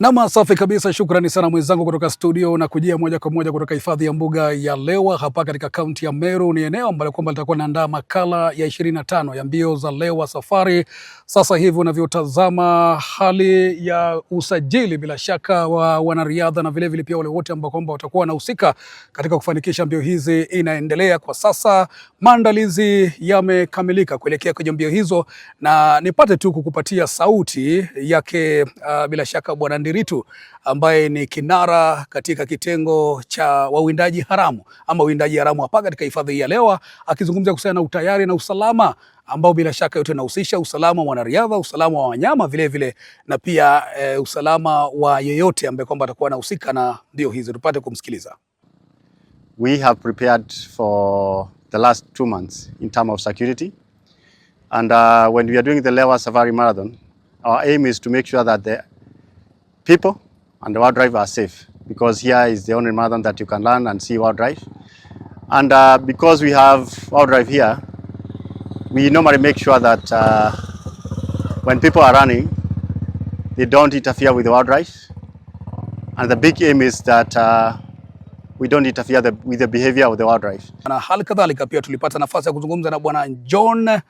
Nam, safi kabisa. Shukrani sana mwenzangu kutoka studio na kujia moja kwa moja kutoka hifadhi ya mbuga ya Lewa hapa katika kaunti ya Meru. Ni eneo ambalo kwamba litakuwa naandaa makala ya ishirini na tano ya mbio za Lewa Safari. Sasa hivi unavyotazama hali ya usajili bila shaka wa wanariadha na vilevile pia wale wote ambao kwamba watakuwa wanahusika katika kufanikisha mbio hizi inaendelea kwa sasa. Maandalizi yamekamilika kuelekea kwenye mbio hizo, na nipate tu kukupatia sauti yake, uh, bila shaka bwana Kibiritu ambaye ni kinara katika kitengo cha wawindaji haramu ama wawindaji haramu hapa katika hifadhi ya Lewa, akizungumza kuhusiana na utayari na usalama ambao bila shaka yote inahusisha usalama wa wanariadha, usalama wa wanyama vile vile, na pia e, usalama wa yeyote ambaye kwamba atakuwa anahusika na ndio hizo. Tupate kumsikiliza. We have prepared for the last two months in term of security and uh, when we are doing the Lewa Safari Marathon our aim is to make sure that the people and the wow drive are safe because here is the only marathon that you can learn and see wild drive. And uh, because we have wow drive here, we normally make sure that uh, when people are running, they don't interfere with the wow drive. And the big aim is that uh, we don't interfere the, with the behavior of the wow drive. Na hali kadhalika pia tulipata nafasi ya kuzungumza na Bwana John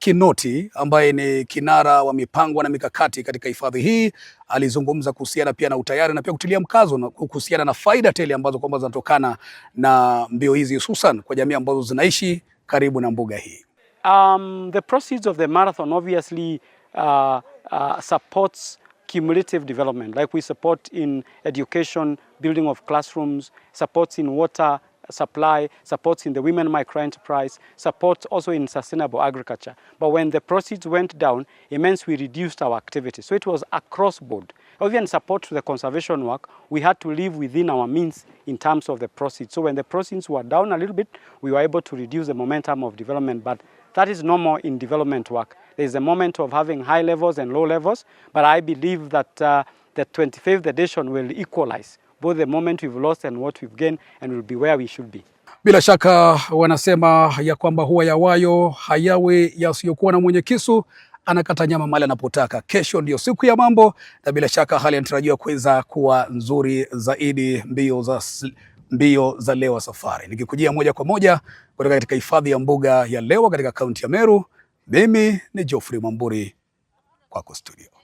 Kinoti ambaye ni kinara wa mipango na mikakati katika hifadhi hii alizungumza kuhusiana pia na utayari na pia kutilia mkazo kuhusiana na faida tele ambazo kwamba zinatokana na mbio hizi hususan kwa jamii ambazo zinaishi karibu na mbuga hii. Um, the proceeds of the marathon obviously uh, uh, supports cumulative development like we support in education, building of classrooms, supports in water supply, supports in the women micro enterprise, supports also in sustainable agriculture. But when the proceeds went down, immensely reduced our activity. So it was across board. Even support to the conservation work, we had to live within our means in terms of the proceeds. So when the proceeds were down a little bit, we were able to reduce the momentum of development. But that is normal in development work. There is a moment of having high levels and low levels, but I believe that uh, the 25th edition will equalize both the moment we've lost and what we've gained and we'll be where we should be. Bila shaka wanasema ya kwamba huwa yawayo hayawe yasiyokuwa na mwenye kisu anakata nyama mali anapotaka. Kesho ndio siku ya mambo, na bila shaka hali inatarajiwa kuweza kuwa nzuri zaidi mbio za mbio za Lewa Safari. Nikikujia moja kwa moja kutoka katika hifadhi ya mbuga ya Lewa katika kaunti ya Meru, mimi ni Geoffrey Mwamburi kwako studio.